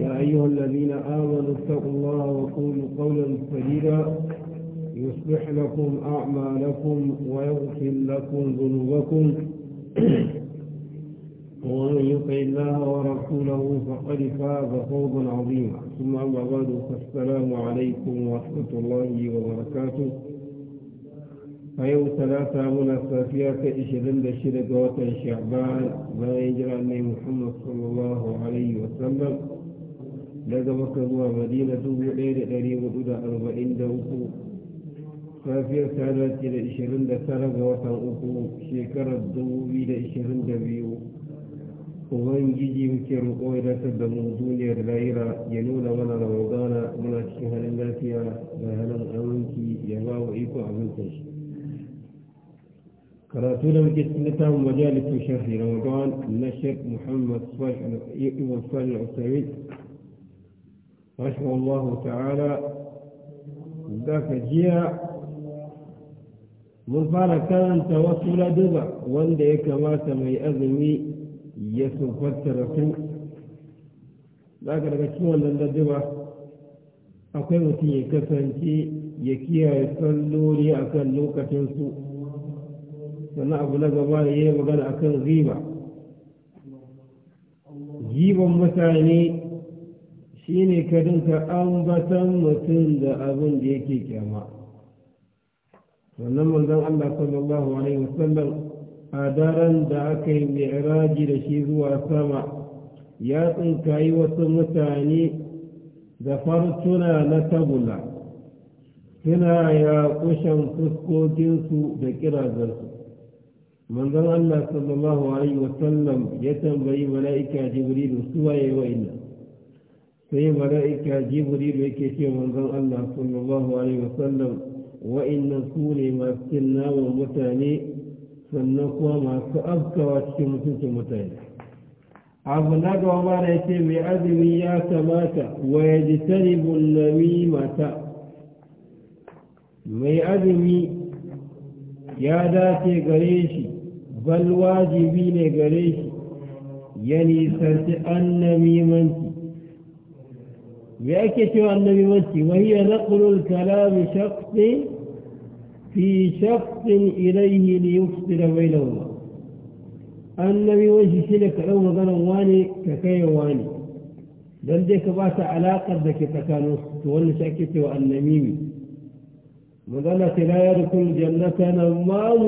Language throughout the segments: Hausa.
يا أيها الذين آمنوا اتقوا الله وقولوا قولا سديدا يصلح لكم أعمالكم ويغفر لكم ذنوبكم ومن يطع الله ورسوله فقد فاز فوضا عظيما ثم أما بعد فالسلام عليكم ورحمة الله وبركاته فيوم ثلاثة من مناسبات إشهدن دشير وتن شعبان ما يجرى محمد صلى الله عليه وسلم daga maka zuwa madina dubu ɗaya da ɗari hudu da arba'in da uku safiyar tana ce da ishirin da tara ga watan uku shekarar dubu biyu da ishirin da biyu ubangiji muke roƙo ya dace da mu duniyar lahira ya nuna mana ramadana muna cikin halin lafiya da halin aminci ya ba wa iko abincin shi karatu da muke cikin littafin majalisun shafi ramadan na shek muhammad ibn salih al-usaid رحمه الله تعالى ذاك جيا mun fara karanta wasu laduba wanda ya kamata mai azumi ya sufattara su za ka daga cikin wannan laduba akwai mutum ya kasance ya kiyaye salloli akan kan lokacinsu sannan abu na gaba ya yi magana a kan riba giban mutane shi ne ka dinka ambatan mutum da abin da yake kyama wannan manzon Allah sallallahu alaihi wasallam a daren da aka yi mai da shi zuwa sama ya tsinkayi wasu mutane da fartuna na tabula suna ya kushen fuskokinsu da kirazarsu manzon Allah sallallahu alaihi wasallam ya tambayi mala'ika jibrilu suwaye wa'ina sai mala'ika da yake ce manzon Allah sallallahu alaihi wasallam wa'annan su ne masu cin naman mutane sannan kuma masu afkawa cikin mutuncin mutane abu na gaba mara ya ce mai azumi ya kamata wa ya ji mata mai azumi ya dace gare shi bal wajibi ne gare shi ya nisanci an namimanci بأكتو النبي وسي وهي نقل الكلام شخص في شخص إليه ليفصل بينهما النبي وجه شلك لو مغنى واني ككي واني بل ديك بات علاقة ذاك تكانوس تولى شاكتي والنميمي مغنى لا يدخل جنة نمام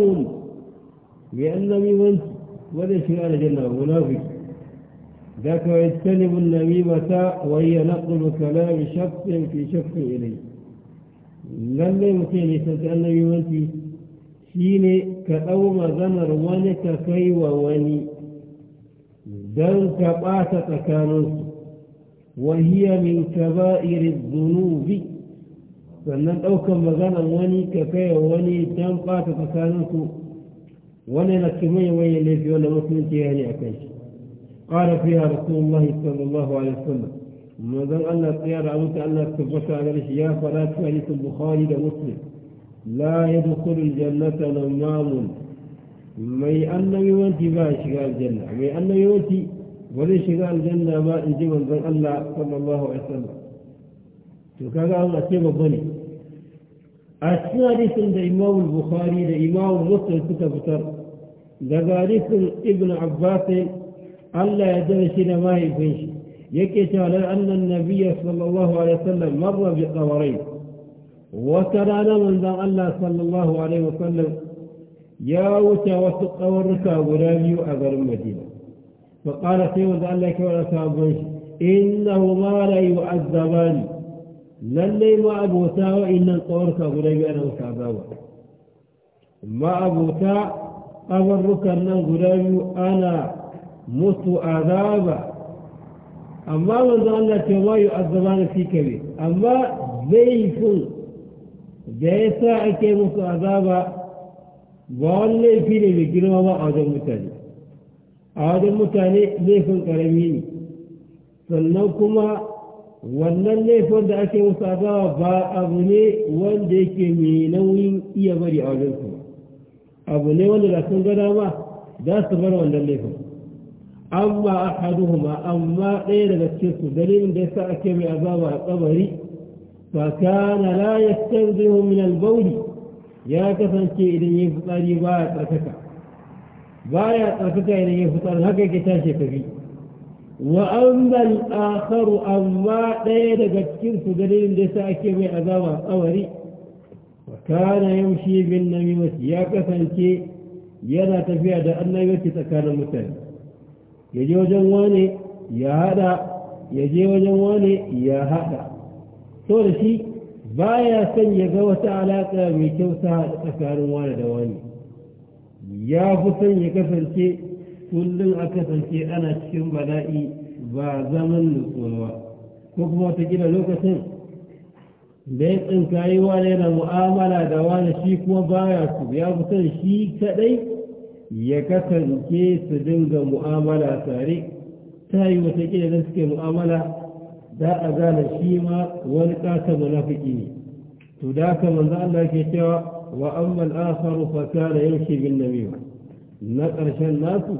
لأن النبي وانت ولا شيء على جنة منافق ذاك ويجتنب النميمة وهي نقل كلام شخص في شخص إليه lallai mutum ne san ta annabiwanci shi ne ka ɗau maganar wani ka kai wa wani don ka ɓata tsakaninsu wahiya min kaba'iri zunubi sannan ɗaukan maganar wani ka kai wa wani don ɓata tsakaninsu wani na kimai wani laifi wanda musulunci ya ne a kai shi قال فيها رسول الله صلى الله عليه وسلم ما دام أن الطيار أموت أن الثبت على الأشياء فلا حديث البخاري ومسلم لا يدخل الجنة نمام mai annabi wanti ba ya shiga aljanna ba zai shiga aljanna ba in ji manzon Allah sallallahu alaihi wasallam to kaga an ce a cikin hadisin da Imam Bukhari da Imam Muslim suka daga hadisin Ibn Abbas الله يدرس نمائي فيه يكيس على أن النبي صلى الله عليه وسلم مر بقبرين وترى نمن ذا الله صلى الله عليه وسلم يا وتوسط قبرك ولا بيو أبر المدينة فقال سيد الله كورا سابوش إنه ما لا يعذبان للي ما أبو تا وإن قبرك ولا أنا وسابوا ما أبو تا قبرك أنا musu azaba amma manzo Allah ce ma yi azaba na fi kabe amma laifin da ya sa ake musu azaba ba wani laifi ne mai girma ba a wajen mutane a wajen mutane laifin karami ne sannan kuma wannan laifin da ake musu azaba ba abu ne wanda yake mai nauyin iya bari a wajen su abu ne wanda da sun gada ba za su bar wannan laifin amma ahaduhuma amma ɗaya daga cikin su dalilin da ya sa ake mai azaba a kabari fa kana la yastanzihu min al ya kasance idan yi fitsari ba ya tsarkaka ba ya tsarkaka idan yayi fitsari haka yake tashi kabi wa amma al-akhar amma ɗaya daga cikin su dalilin da ya sa ake mai azaba a kabari fa kana yamshi bin namimati ya kasance yana tafiya da annabi tsakanin mutane yaje je wajen wane ya hada ya je wajen wane ya hada to da shi baya san ya ga wata alaka mai kyau ta tsakanin wane da wani ya fi son ya kasance kullum a kasance ana cikin bala'i ba zaman nutsuwa ko kuma gida lokacin da ya tsinka yi wani yana mu'amala da wani shi kuma baya su ya fi son shi kaɗai ya kasance su dinga mu'amala tare ta yi watakila da suke mu'amala za a gane shi ma wani ƙasa munafiki ne to da haka manzo Allah ke cewa wa amman akharu fa kana yamshi bin namima na ƙarshen nasu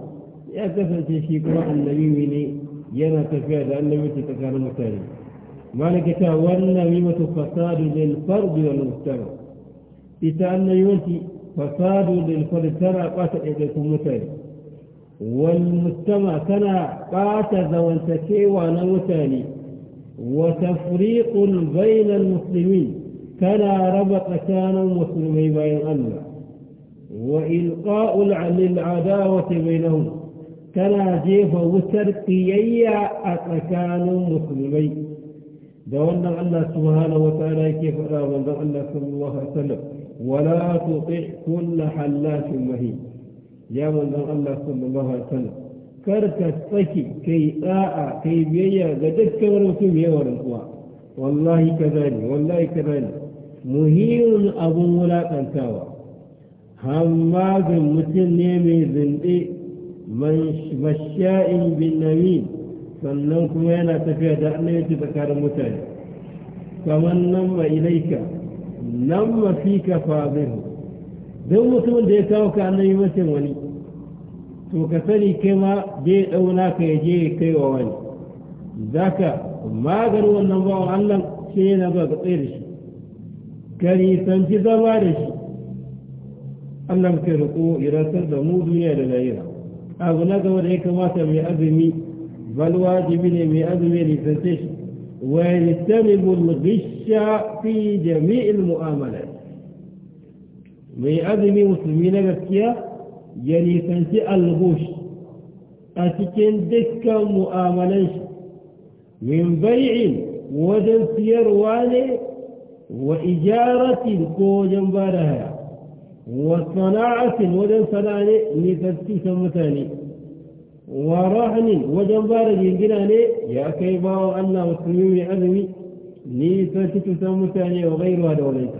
ya kasance shi kuma annabi ne yana tafiya da annabi ta tsakanin mutane malaka ta wannan mimatu fasadu lil fardi wal mustaqbal ita annabi فسادوا للفلسطين قاتع إليكم متين والمجتمع كان قاتع ذوالتكي وانا متاني وتفريق بين المسلمين كان ربط كان المسلمين بين أمنا وإلقاء للعداوة بينهم كان جيفا وتركيي أتكان المسلمين دولنا الله سبحانه وتعالى كيف أرى الله صلى الله عليه وسلم ولا تطع كل حلاف مهين يا من ذا الله صلى الله عليه وسلم كرت الصكي كي آآ كي بيا قدت كورمتو يا ورنقوا والله كذاني والله كذاني مهين أبو ولا تنتاوى هماز متنمي ذنبي من مشاء بالنميم فلنكم kuma تفيد tafiya da annabi فمن نم إليك lamma fika fadiru don mutumin da ya kawo ka annabi mutum wani to ka sani kai ma je dauna ka ya je kai wa wani zaka maganin wannan bawan Allah sai yana ba ka tsaye da shi ka nisanci zama da shi Allah ka riko irantar da mu duniya da lahira abu na gaba da ya kamata mai azumi bal wajibi ne mai azumi nisance shi ويجتنب الغش في جميع المؤاملات من أذن مسلمين بكيا يعني تنسي الغش أتكن دكا مؤاملات من بيع وزن سيروان وإجارة كوجن بارها وصناعة وزن صناعة لتنسي سمتاني wa rahanin wajen ba da jingina ne ya kai bawan Allah musulmi mai azumi ni san ci tusan mutane wa gairuwa da walaita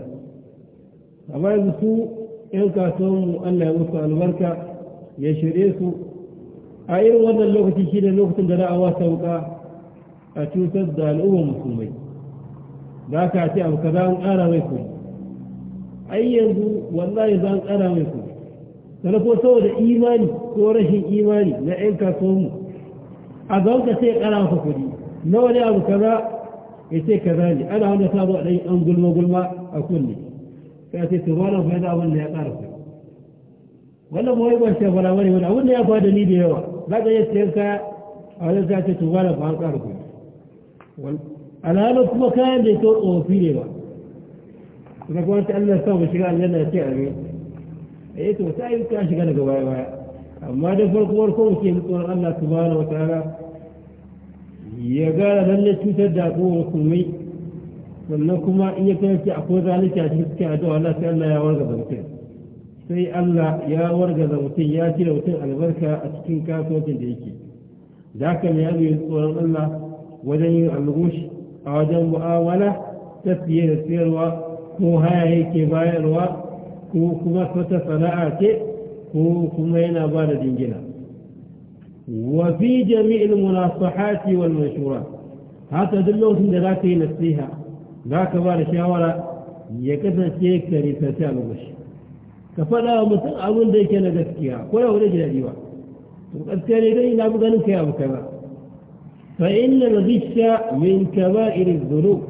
amma yanzu su yan kasuwanmu Allah ya musu albarka ya shirye su a irin wannan lokaci shi ne lokacin da da'awa sauka a cutar da al'ummar musulmai za ka ce abu kaza an ƙara mai ku. ai yanzu wallahi za an ƙara mai ku. sana ko saboda imani ko rashin imani na 'yan kasuwanmu a gaban ka sai ƙara ka kuɗi na wani abu kaza ya ce kaza ne ana wanda ta zo a ɗan an gulma gulma a kunne sai ce to ba na faɗa abin da ya ƙara kuɗi wannan mawai ban shi ba wani wani abin da ya faɗa ni da yawa za ka iya siyan kaya a wajen ta ce su ba na faɗa ƙara kuɗi alhalin kuma kayan da ya to tsofi ne ba kuma ta Allah sa mu shiga aljanna ce a ne eh to ta yi ka shiga daga baya baya amma da farko farko muke mutuwar Allah Allah subhanahu wataala ya gara ne cutar da ko komai sannan kuma in ya kasance akwai zalunci a cikin cikin addu'a Allah sai Allah ya warga da mutum sai Allah ya warga da mutum ya cire mutum albarka a cikin kasuwancin da yake da haka mai yi tsoron Allah wajen yin algushi a wajen mu'awala ta siye da siyarwa ko haya yake bayarwa ko kuma wata sana'a ce ko kuma yana ba da dingina wa fi jami'il munasahati wal mashura haka duk lokacin da zaka yi nasiha zaka ba da shawara ya kasance ka risace a lokaci ka faɗa wa mutum abin da yake na gaskiya ko da wani daɗi ba to gaskiya ne dai ina ganin kai abu kaza fa inna al-ghishya min kaba'ir adh-dhunub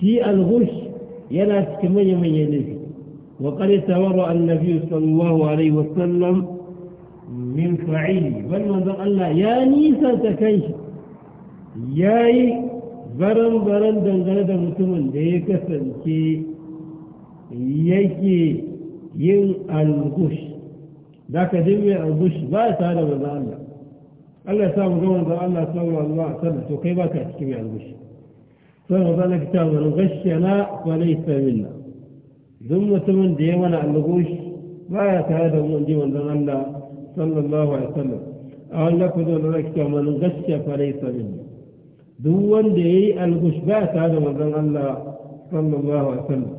shi al-ghish yana cikin manyan manyan laifi وقد تورأ النبي صلى الله عليه وسلم من فعيل بل من ذا الله يا نيسا تكيش ياي برن برن دن دا متمن دا يكسن كي يكي ين الغش ذاك دمي الغش ما تعالى من ذا الله الله سامو قوم ذا الله صلى الله عليه وسلم وكيف كاتكي الغش فمن ذا لك تعالى الغش لا وليس منا duk mutumin da ya mana shi ba ya tare da mun ji wanzan Allah sallallahu alaihi wasallam a wani zo da zai cewa manin gaskiya farai sabin duk wanda ya yi algush ba ya tare da wanzan Allah sallallahu alaihi wasallam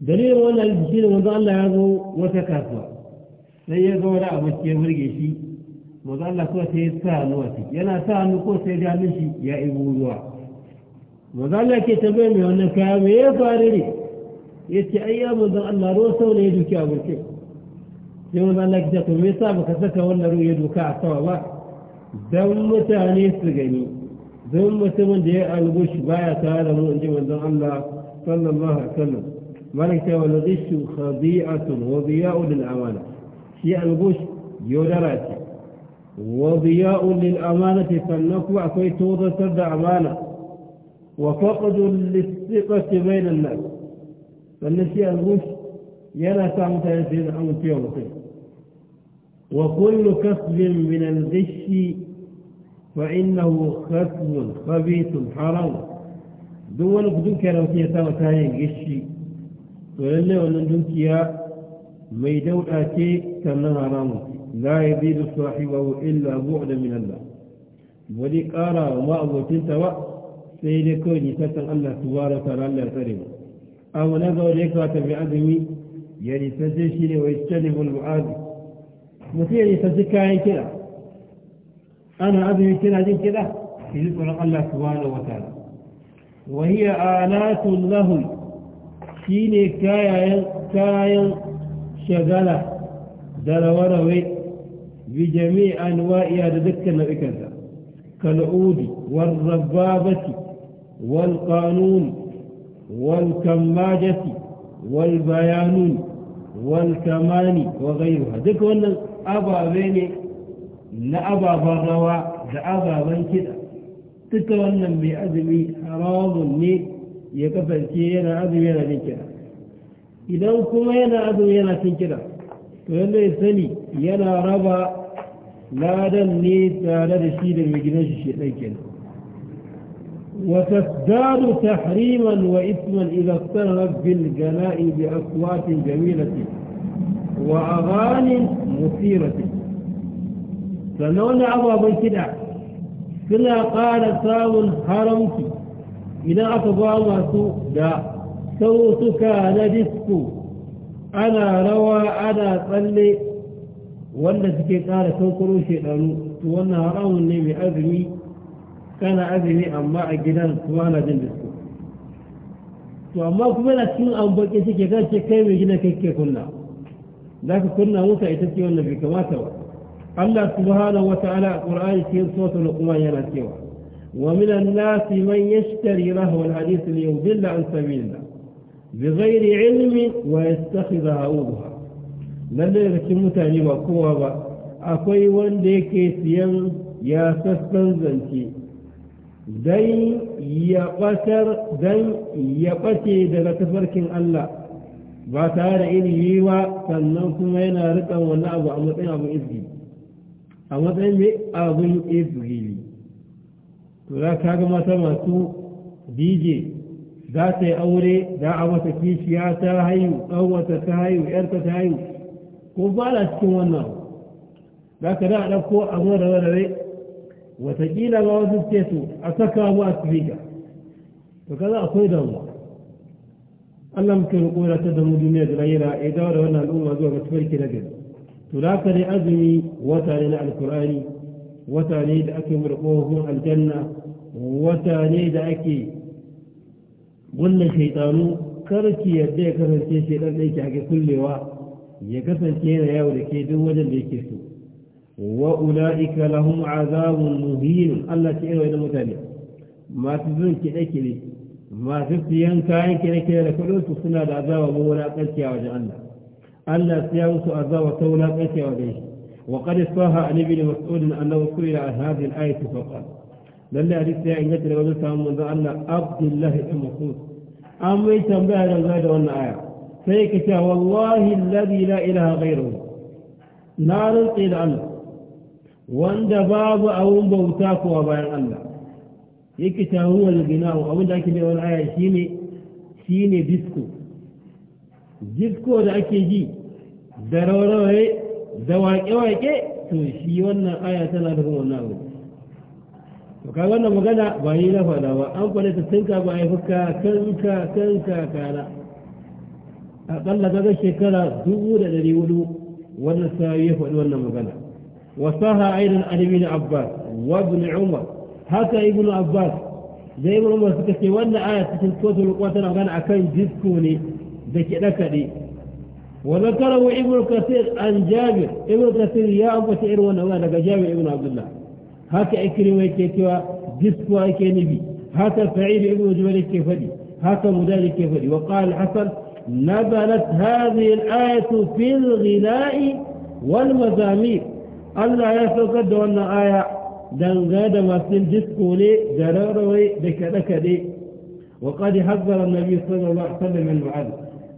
dalilin wannan shi da wanzan Allah ya zo wata kasuwa sai ya zo wani abu ya burge shi wanzan Allah ko sai ya sa hannu a ciki yana sa hannu ko sai ya hannun shi ya ibu ruwa wanzan Allah ke tabbai mai wannan kaya me ya faru ne يتي أيام ودر الله روسه ولا يدوكي أبو الكيب يقول لك جاءت الميصاب وخسك ولا رو يدوكا عطا الله دم تاني سقني دم تمن دي ألبوش بايا تعالى مو أنجي من الله صلى الله عليه وسلم ملكة والغش الغش خضيعة وضياء للأمانة شيء ألبوش يدراتي وضياء للأمانة فلنقوع في توضى سرد أمانة وفقد للثقة بين الناس فالنسي الغش يلا سامتا يسيد حمد في يومتين وكل كسب من الغش فإنه خسب خبيث حرام دول قدوك يا روتية سامتا يغش ولله ولندوك يا ميدون آتي كنا حرام لا يزيد صاحبه إلا بعد من الله ولي قارا وما أبو تنتوى سيدكو نساء الله تبارك الله أو نظر يكره في عدم يعني فزشني ويستلم المعاد مثير يعني فزكا كذا أنا عدم كذا كده في ذكر الله سبحانه وتعالى وهي آلات لهم شيني كايا كايا شغالة دلورة وي بجميع أنواعها تذكر بكذا كالعود والربابة والقانون والكماجة والبيان والكمان وغيرها ذلك أن أبا بيني لا أبا بغوا لا أبا بين كده تتولى من أدمي حرام مني يكفل كينا أدمي أنا بين كده إذا أكما ينا أدمي أنا بين كده فإن يسني ينا ربا لا دني تعالى رشيد المجنش الشيء كده وتزداد تحريما وإثما إذا اضطرت بالجناء بأصوات جميلة وأغاني مثيرة فلولا أبو أبو كدع كنا قال سام حرمت إلى اتضاوى سوء دا صوتك نجسك أنا روى أنا صلي ولا تكي قال سوء كروشي لنو وانا رأوني بأذني كان أبي لي أما أجلان سوانا جندسك وأما كمال أسكين أم بكيسي كيكال شكاين ويجينا كيكي كنا لكن كنا موسى إتسي والنبي كما سوا الله سبحانه وتعالى قرآن سين صوت لقمان يلا سوا ومن الناس من يشتري له الحديث ليضل عن سبيل الله بغير علم ويتخذ هؤلها لذلك يرسمون تاني وقوة أقوي وان ديكي سيام يا سستنزنتي dan ya dan ya ɓace daga tafarkin Allah ba tare da yi ba sannan kuma yana rika wani abu a matsayin abin izgi a matsayin mai abin izgi to za ka ga mata masu dj za ta yi aure za a mata kishiya ta hayu ɗanwata ta hayu yarta ta hayu ko ba cikin wannan za ka da a ɗauko a mara watakila ba wasu ce su a saka mu a tsiga to kaza akwai mu Allah muke roƙo da ta damu duniya da rayuwa ya dawo da wannan al'umma zuwa ga tafarki na gari to da ka dai azumi wata ne na alkur'ani wata ne da ake mura ƙofofin aljanna wata ne da ake wannan shaitanu karki yadda ya kasance shaitan da yake ake kullewa ya kasance yana yawo da ke duk wajen da yake so وأولئك لهم عذاب مهين الله تعالى إلى متابعه ما تزن كأكلي ما تسيان كائن كأكل لكلوس سنة عذاب مولا قلت يا وجه الله الله سيوس عذاب تولا قلت يا وجه وقد صاها عن ابن مسعود أنه كل عن هذه الآية فقال لله أردت يا يقول لك أن من ذا الله الله المخلوق أم ويتم بها لغاية وأن آية فيكتا والله الذي لا إله غيره نار القيد عنه wanda babu abun bauta kuwa bayan Allah yake tahu wal ginahu abin da ake bai wani aya shine shine disco disco da ake ji da rauraye da waƙe-waƙe to shi wannan aya tana da wannan abu to kai wannan magana ba yi na faɗa ba an kwale ta tunka ba yi fuka kanka kanka kana aƙalla ga shekara dubu da ɗari hudu wannan sa ya faɗi wannan magana وصاها أيضا عن ابن عباس وابن عمر هكا ابن عباس زي ابن عمر سكتي وانا آية تتنكوت القواتنا غانا أكاين جزكوني ذكي لكني وذكره ابن كثير عن جابر ابن كثير يا أبو شعير وانا وانا جابر ابن عبد الله هكا اكرم كيكوا جزكوا اي نبي هكا فعيل ابن جبل كيفدي هكا مدال كيفدي وقال الحسن نزلت هذه الآية في الغناء والمزامير Allah ya saukar da wannan aya dangane da masu disko ne da rarrawai da kaɗe-kaɗe wa ƙadi hazzara nabi sallallahu alaihi wasallam al-mu'ad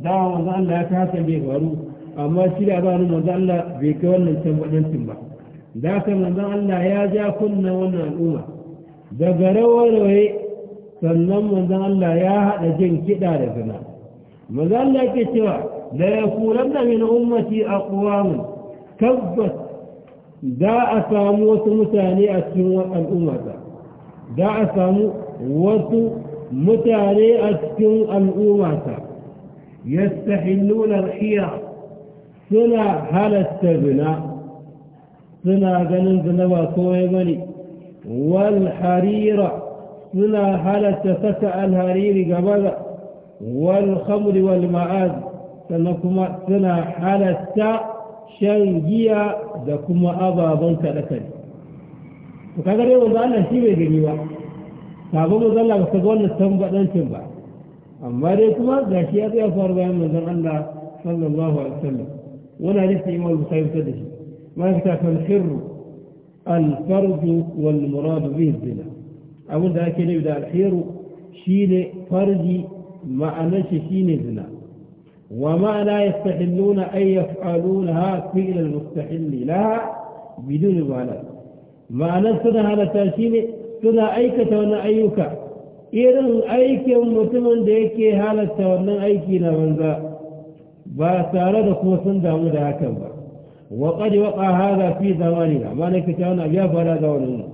dawa manzo Allah ya kasa bai faru amma shi da ba manzo Allah bai kai wannan waɗancin ba da haka manzo Allah ya ja kunna wannan al'umma daga rawaye sannan manzo Allah ya haɗa jin kiɗa da zina manzo Allah ke cewa la yakulanna min ummati aqwamun tabbas داء أسام وتمتاني أسوى الأمة دا أسام وتمتاني أسوى الأمة يستحلون الحياة سنا هل استبنا سنا قننز نواتو يبني والحريرة سنا هل استفتع الحرير قبل والخمر والمعاد سنكما سنا حال استبنا shan giya da kuma ababen kaɗe-kaɗe to kaga dai wanzu Allah shi mai gani ba sabon manzo Allah ba kaga wannan tambadancin ba amma dai kuma ga shi ya tsaya faru bayan manzon Allah sallallahu alaihi wasallam wannan hadisi Imam Bukhari ta da shi ma ya kan sirru alfardu farj wal muradu bi zina abin da ake nufi da shi shine farji ma'anar shi shine zina وما لا يستحلون أن يفعلونها فعل المستحل لها بدون مبالاة معنى سنة على تاشيني سنة أيك تونا أيك إذن أيك متمن ديكي حالة تونا أيكينا منذا باسارة كما سنة مدها كما وقد وقع هذا في زماننا ما نكتانا يا فلا دولنا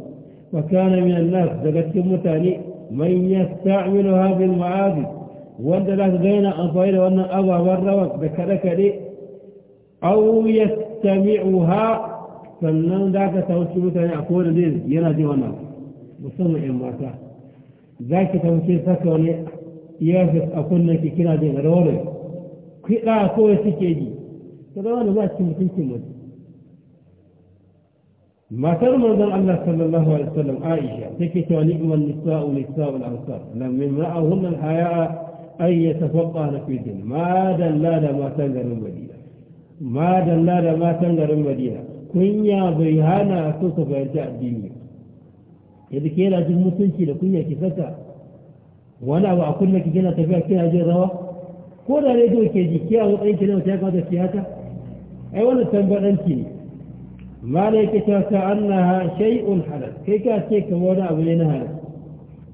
وكان من الناس دقت متاني من يستعملها بالمعابد wanda za ka ga amfani da wannan ababen rawa da kaɗe-kaɗe au ya ha sannan za ka tauci mutane a kowane zai yana zai wannan musamman 'yan mata za ki tauci saka wani iyafis a kunnen ki kina jin rawar kiɗa kawai suke ji ta zama da za ki mutuncin mutum matar manzon Allah sallallahu alaihi wasallam Aisha take cewa ni'man nisa'u nisa'u nisa'ul ansar lam yamra'ahunna al-haya'a an ya tafaka na fitin ma dalla da matan garin madina ma dalla da matan garin madina kunya bai hana su su fahimci addini yadda ke yana jin mutunci da kunya ki saka wani abu a kunna ki gina tafiya kina jin rawa ko da rediyo ke ji a matsayin ki na mutum ya kawo da siyasa ai wannan tambaɗanci ne ta Kai ka مالكة كأنها شيء حدث كي كاتيك موضع بينها لك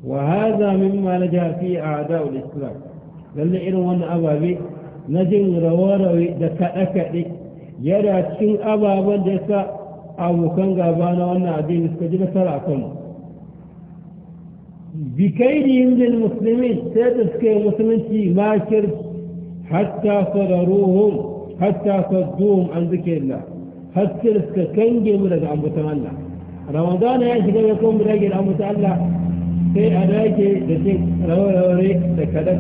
ma na نجا a أعداء الإسلام lalle irin wannan ababe na jin rawa da kaɗe-kaɗe yana cikin ababen da ya abokan gaba na wannan addini suka ji nasara a ماكر حتى صدروهم حتى صدوهم عن ذكر الله حتى لسكنجي ملد عن متمنى رمضان يشغل يكون براجل عن متعلى في أراجي لسك روى روى لكذا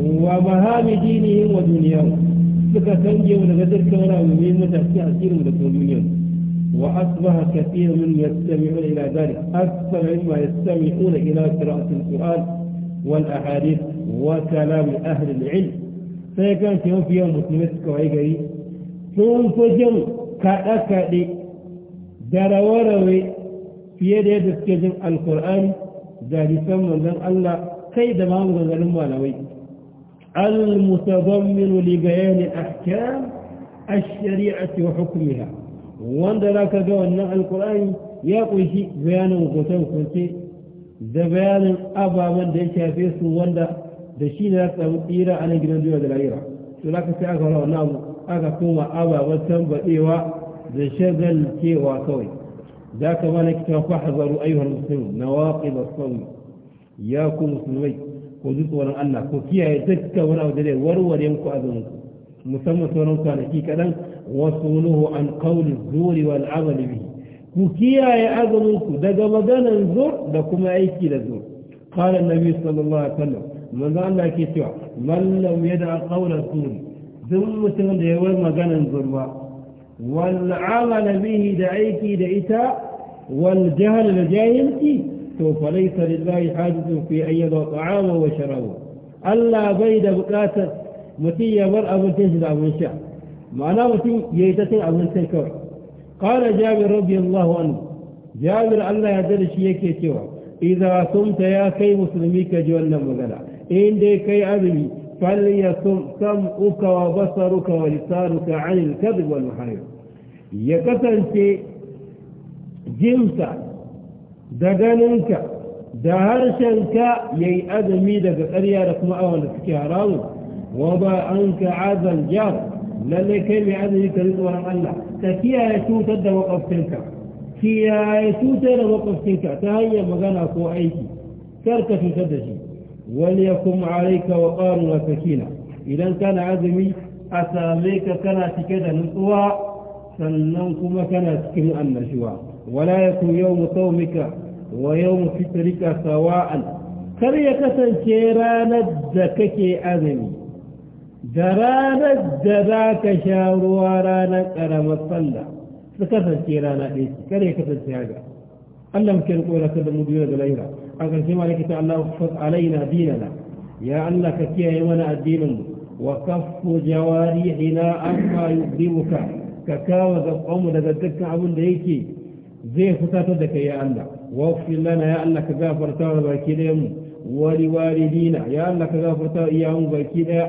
ومهام دينهم ودنياهم فكتنجوا لغدر كورا ومين متأسي أسير من الدنيون وأصبح كثير من يستمعون إلى ذلك أكثر مما يستمعون إلى قراءة القرآن والأحاديث وكلام أهل العلم فيكان في يوم في يوم متمسك وعيقري ثم فجم كأكد دروروي في يد يد القرآن ذلك من الله كيد ما هو ذلك المتضمن لبيان أحكام الشريعة وحكمها وأن ذلك القرآن يقول شيء بيانا وقتل قلتي ذا بيانا أبا من دي شافيس وأن ذا شيء لا تمثير على جنجوة العيرة ولك الله نعم كوما أبا وتنبأ إيواء ذا شغل كي واتوي ذاك مالك فاحذروا أيها المسلمون نواقض الصوم ياكم مسلمين ko ji tsoron Allah ko kiyaye dukkan wani abu da zai warware muku azumin musamman sauran kwanaki kaɗan wasu nuhu an kauli zuri wal amali bihi ku kiyaye azumin ku daga maganan zur da kuma aiki da zur qala biyu sallallahu alaihi wasallam manzo Allah ke cewa man lam yada qawla zur duk mutum da ya war maganan zur ba wal amala bihi da aiki da ita wal jihar da jahilci فليس لله حاجة في أن يضع طعامه وشرابه ألا بيد بقاتة متي يمر أبن تنشد أبن شاء معنى متي ييتت أبن تنكر قال جابر رضي الله عنه جابر ألا يدل شيئك يتوى إذا صمت يا كي مسلميك جوانا مغلا إن دي كي أبني فليصم سمعك وبصرك ولسانك عن الكذب والمحارم يكتن جمسا da ganinka da harshenka ya yi azumi daga ƙarya da kuma awon da suke haramun wa ba an ka azal jar lalle kai mai azumi ka riƙe wurin Allah ka kiyaye cutar da makwabcinka kiyaye cutar da makwabcinka ta hanyar magana ko aiki kar ka cutar da shi wani ya kuma alaika wa ƙarin wa sakina idan kana azumi a same ka kana cike da nutsuwa sannan kuma kana cikin annashuwa ولا يكون يوم صومك ويوم فترك سواء كر يكسن كيران الزكك أذني دران الزباك شاروارانا كرم الصلاة فكسن كيران أذني كر يكسن سياجا ألا مكن قولة سيد المدينة دليلة أقل سيما لك تعالى وحفظ علينا ديننا يا الله كتيا يمنا الدين وكف جواريحنا أما يقربك ككاوة قوم لذلك عمل ليكي زي خطاتك يا الله واغفر لنا يا الله كغفرت وكيدم ولوالدينا يا الله كغفرت إياهم وكيدا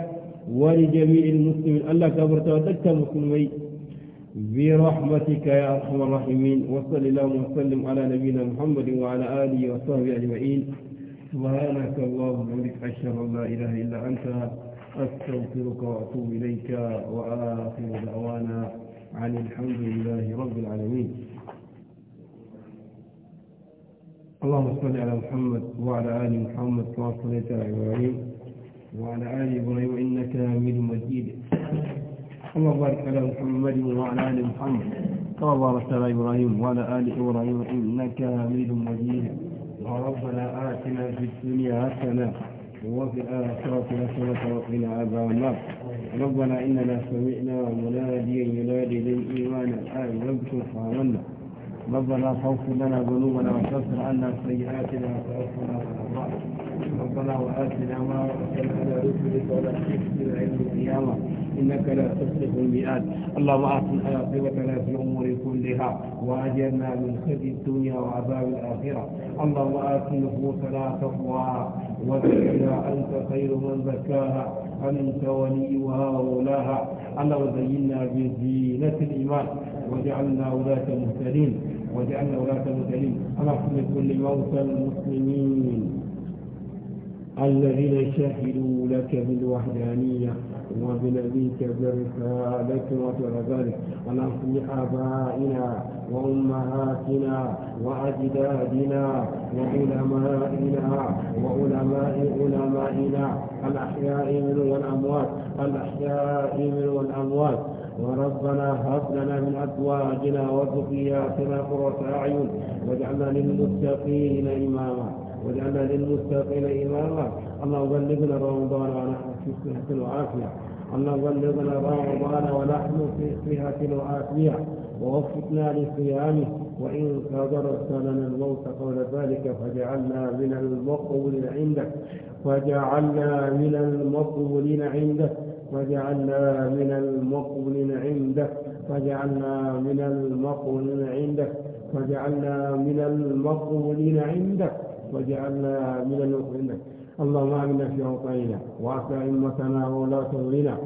ولجميع المسلمين الله كغفرت وتك مسلمي برحمتك يا ارحم الراحمين وصل اللهم وسلم على نبينا محمد وعلى اله وصحبه اجمعين سبحانك اللهم وبحمدك اشهد ان لا اله الا انت استغفرك واتوب اليك واخر دعوانا عن الحمد لله رب العالمين اللهم صل على محمد وعلى آل محمد كما صليت على إبراهيم وعلى آل إبراهيم إنك حميد مجيد اللهم بارك على محمد وعلى آل محمد كما باركت على إبراهيم وعلى آل إبراهيم إنك حميد مجيد ربنا آتنا في الدنيا حسنة وفي الآخرة حسنة وقنا عذاب النار ربنا إننا سمعنا مناديا ينادي للإيمان الآن نبكي فآمنا ربنا فاغفر لنا ذنوبنا وكفر عنا سيئاتنا وتوفنا مع ربنا وآتنا ما وكفر على رسلك ولا تخزنا عند القيامة إنك لا تخلف المئات اللهم أحسن عاقبتنا في الأمور كلها وأجرنا من خزي الدنيا وعذاب الآخرة اللهم آت نفوسنا تقواها وزكنا أنت خير من زكاها أنت وليها وولاها اللهم زينا بزينة الإيمان وجعلنا ولاة مهتدين وجعلنا ولاة المسلمين اللهم لموتى المسلمين الذين شهدوا لك بالوحدانية وبنبيك برسالة وترى ذلك اللهم لآبائنا وأمهاتنا وأجدادنا وعلمائنا وعلماء علمائنا الأحياء منهم والأموات الأحياء منهم والأموات وربنا هب لنا من أزواجنا وذرياتنا قرة أعين واجعلنا للمتقين إماما واجعلنا للمتقين إماما اللهم بلغنا رمضان ونحن في صحة وعافية اللهم بلغنا رمضان ونحن في صحة وعافية ووفقنا لصيامه وإن قدرت لنا الموت قبل ذلك فجعلنا من المقبولين عندك فجعلنا من المقبولين عندك وجعلنا من المقبل عندك وجعلنا من المقبل عندك وجعلنا من المقبولين عندك وجعلنا من المقبولين اللهم امنا في اوطاننا واعف ائمتنا وولاة امرنا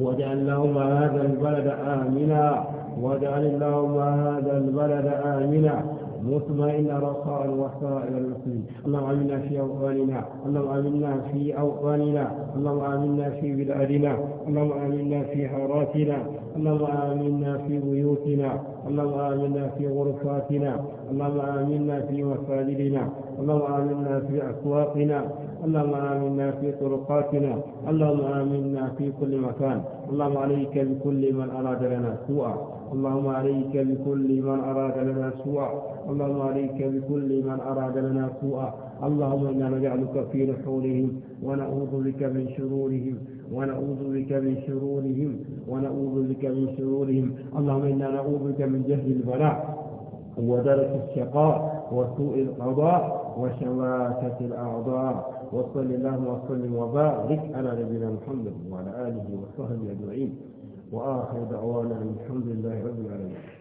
واجعل اللهم هذا البلد امنا واجعل اللهم هذا البلد امنا مطمئن رخاء وسائر المسلمين اللهم امنا في اوطاننا اللهم امنا في اوطاننا اللهم امنا في بلادنا اللهم امنا في حاراتنا اللهم امنا في بيوتنا اللهم امنا في غرفاتنا اللهم امنا في مساجدنا اللهم امنا في اسواقنا اللهم آمنا في طرقاتنا اللهم آمنا في كل مكان اللهم عليك بكل من أراد لنا سوءا اللهم عليك بكل من أراد لنا سوءا اللهم عليك بكل من أراد لنا سوءا اللهم إنا نجعلك في نحورهم ونعوذ بك من شرورهم ونعوذ بك من شرورهم ونعوذ بك من شرورهم اللهم إنا نعوذ بك من جهل البلاء ودرك الشقاء وسوء القضاء وشماتة الأعضاء وصل اللهم وسلم وبارك على نبينا محمد وعلى آله وصحبه أجمعين وآخر دعوانا الحمد لله رب العالمين